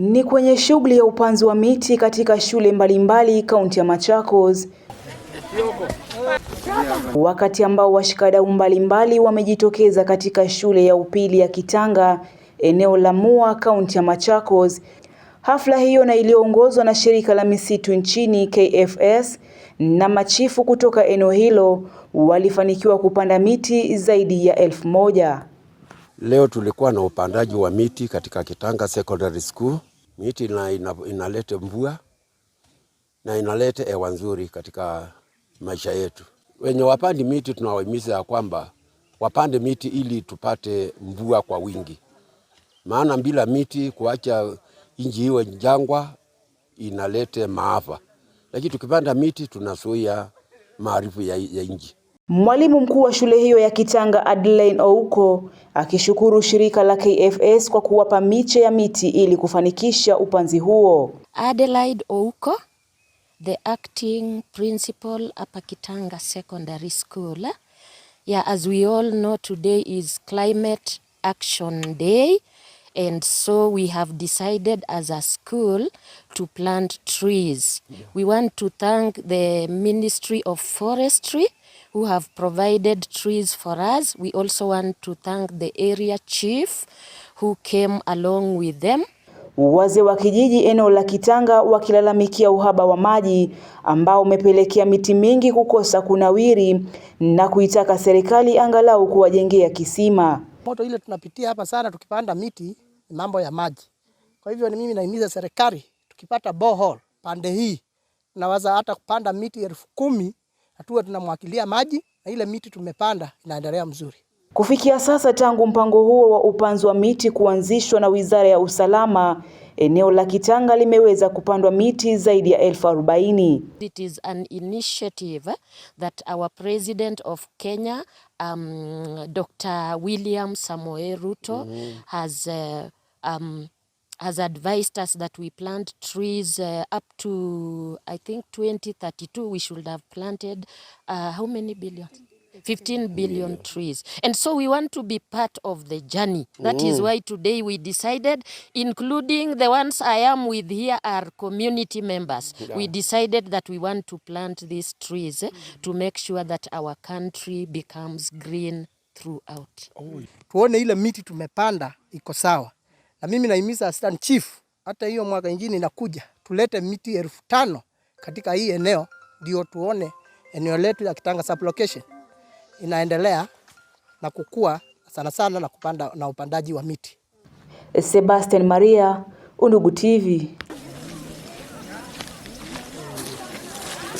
Ni kwenye shughuli ya upanzi wa miti katika shule mbalimbali kaunti ya Machakos, wakati ambao washikadau mbalimbali wamejitokeza katika shule ya upili ya Kitanga eneo la Mua kaunti ya Machakos. Hafla hiyo na iliyoongozwa na shirika la misitu nchini KFS na machifu kutoka eneo hilo walifanikiwa kupanda miti zaidi ya elfu moja. Leo tulikuwa na upandaji wa miti katika Kitanga Secondary School miti na ina, inalete mvua na inalete hewa nzuri katika maisha yetu. Wenye wapandi miti tunawahimiza ya kwamba wapande miti ili tupate mvua kwa wingi, maana bila miti kuacha inji iwe jangwa inalete maafa, lakini tukipanda miti tunasuia maarifu ya, ya inji. Mwalimu mkuu wa shule hiyo ya Kitanga Adeline Ouko akishukuru shirika la KFS kwa kuwapa miche ya miti ili kufanikisha upanzi huo. Adelaide Ouko, the acting principal hapa Kitanga Secondary School. Yeah, as we all know today is climate action day and so we have decided as a school to plant trees yeah. we want to thank the ministry of forestry who have provided trees for us we also want to thank the area chief who came along with them Wazee wa kijiji eneo la Kitanga wakilalamikia uhaba wa maji ambao umepelekea miti mingi kukosa kunawiri na kuitaka serikali angalau kuwajengea kisima. Moto ile tunapitia hapa sana tukipanda miti ni mambo ya maji. Kwa hivyo ni mimi naimiza serikali tukipata borehole pande hii tunaweza hata kupanda miti elfu kumi hatua tunamwakilia maji na ile miti tumepanda inaendelea mzuri. Kufikia sasa tangu mpango huo wa upanzi wa miti kuanzishwa na Wizara ya Usalama eneo la Kitanga limeweza kupandwa miti zaidi ya elfu arobaini. It is an initiative that our president of Kenya um, Dr. William Samoei Ruto mm. has uh, um, has advised us that we plant trees uh, up to I think 2032 we should have planted uh, how many billions 15 billion trees. And so we want to be part of the journey. That mm. is oh. why today we decided, including the ones I am with here are community members. Yeah. We decided that we want to plant these trees eh, to make sure that our country becomes green throughout. Oh, tuone ile miti tumepanda iko sawa. Na mimi naimiza Assistant Chief hata hiyo mwaka ingine inakuja tulete miti elfu tano katika hii eneo ndio tuone eneo letu ya Kitanga location inaendelea na kukua sana sana na kupanda na upandaji wa miti. Sebastian Maria, Undugu TV.